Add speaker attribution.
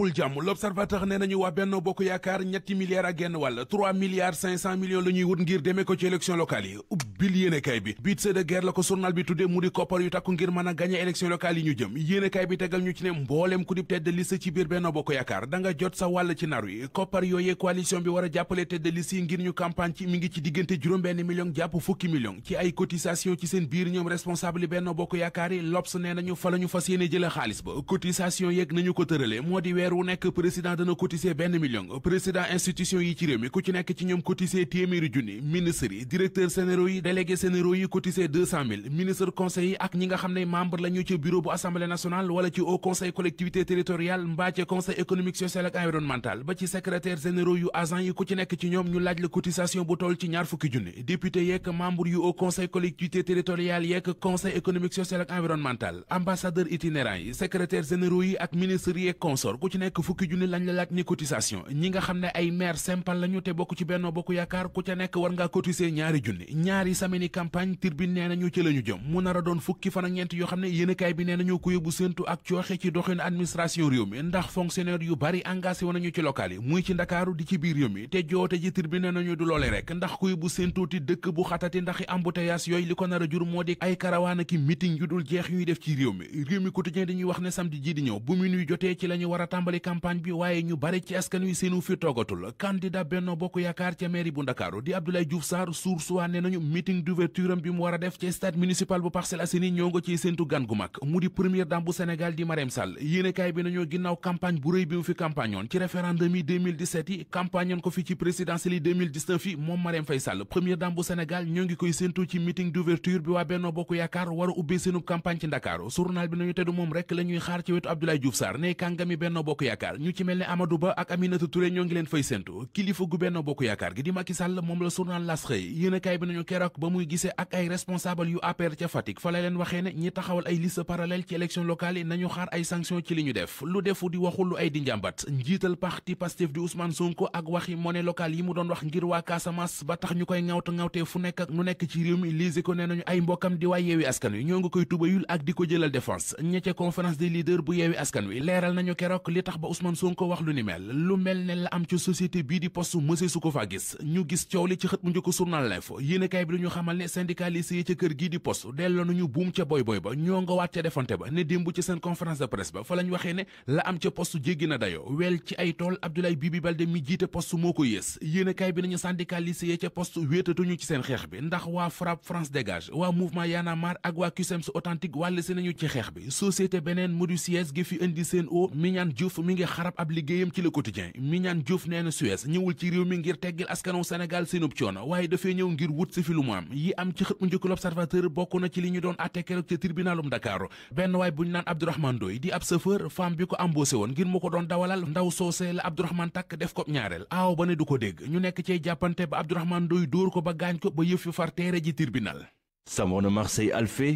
Speaker 1: dàqul jàmm nee nañu waa Benno Bokk Yaakaar ñetti milliards ak genn wàll 3 milliards 500 millions la ñuy wut ngir demee ko ci élection locale yi bil yéenekaay bi bit de guerre la ko journal bi tuddee mu di koppar yu takku ngir mën a gagné élection locale yi ñu jëm yéenekaay bi tegal ñu ci ne mbooleem ku dib tête liste ci biir Benno Bokk Yaakaar da jot sa wàll ci nar wi koppar yooyee coalition bi wara a jàppale tête de liste ngir ñu campagne ci mi ngi ci diggante juróom-benn million jàpp fukki million ci ay cotisation ci seen biir ñoom responsable yi Benno Bokk jële xaalis ba cotisation yeeg nañu ko tërale moo di weer wu nekk président dana cotiser benn million président institution yi ci réew mi ku ci nekk ci délégué généraux yi cotisé deux cent mille ministre conseil yi ak ñi nga xam ne membre la ñu ci bureau bu assemblée nationale wala ci haut conseil collectivité territoriale mbaa ci conseil économique social ak environnemental ba ci secrétaire généraux yu agent yi ku ci nekk ci ñoom ñu laaj la cotisation bu toll ci ñaar fukki junni député yeek membre yu haut conseil collectivité territoriale yeek conseil économique social ak environnemental ambassadeur itinérant nga xam ne samedi campagne Tribune nee nañu ci jëm mu nar a doon fukki fan ak ñeent yoo xam ne yéenekaay bi nee nañu ko yóbbu séentu ak cooxe ci doxin administration réew mi ndax fonctionnaire yu bari engagé nañu ci local muy ci Ndakaaru di ci biir réew mi te joote ji Tribune nee nañu du loole rek ndax ko yóbbu séentuuti dëkk bu xatati ndax i embouteillage yooyu li ko nar a jur moo di ay karawaan ak meeting yu dul jeex ñuy def ci réew mi réew mi quotidien dañuy wax ne samedi ji di ñëw bu minuy jotee ci la ñu war a tàmbali campagne bi waaye ñu bari ci askan wi seenu fi Bokk Yaakaar ca mairie bu Ndakaaru di Abdoulaye meeting d'ouverture am bi mu war a def ci stade municipal bu Parcelles Assainies ñoo nga ciy séntu gan gu mag mu di première dame bu Sénégal di Marème Sall yéenekaay bi nañu keroog ba muy gisee ak ay responsable yu APR ca Fatick fa la leen waxee ne ñi taxawal ay liste parallèle ci élection locale yi nañu xaar ay sanction ci li ñu def lu defu di waxul lu ay di njàmbat njiital parti Pastef di Ousmane Sonko ak wax waxi monnaie locale yi mu doon wax ngir waa Casamance ba tax ñu koy ŋawta ŋawtee fu nekk ak nu nekk ci réew mi lise ko nee nañu ay mbokkam di waa yeewi askan wi ñoo ngi koy tubayul ak di ko jëlal défense ña ca conférence des leaders bu yeewi askan leeral nañu keroog li tax ba Ousmane Sonko wax lu ni mel lu mel ne am ci société bii di poste mësee su gis ñu gis coow li ci xët mu xamal ne syndicaliste yi ca kër gii di poste delloo nañu buum ca boy boy ba ñoo nga waat ca defante ba ne démb ci seen conférence de presse ba fa lañ waxee ne la am ca poste jéggi na dayo wel ci ay tool Abdoulaye Bibi Baldé mi jiite poste moo ko yées yéenekaay bi nañu syndicaliste yi ca poste wéetatuñu ci seen xeex bi ndax waa FRAPP France dégage waa mouvement Y en a marre ak waa CUSEMS authentique wàll si nañu ci xeex bi société beneen mu di Suez gi fi indi seen o Mignane Diouf mi ngi xarab ab liggéeyam ci le quotidien Mignane Diouf nee na mi ngir teggil askanaw Sénégal seenub coono waaye dafay ñëw ngir wut si fi mu am yi am ci xët mu njëkk l'observateur bokk na ci li ñu doon àtte keroog ca tribunalum Dakar benn waay bu ñu naan Abdourahmane Doy di ab chauffeur femme bi ko embauché woon ngir mu ko doon dawalal ndaw soosee la Abdourahmane takk def ko ñaareel aaw ba ne du ko dégg ñu nekk cee jàppante ba Abdourahmane Doy dóor ko ba gaañ ko ba yëf yu far teere ji tribunal Samona Marseille Alfé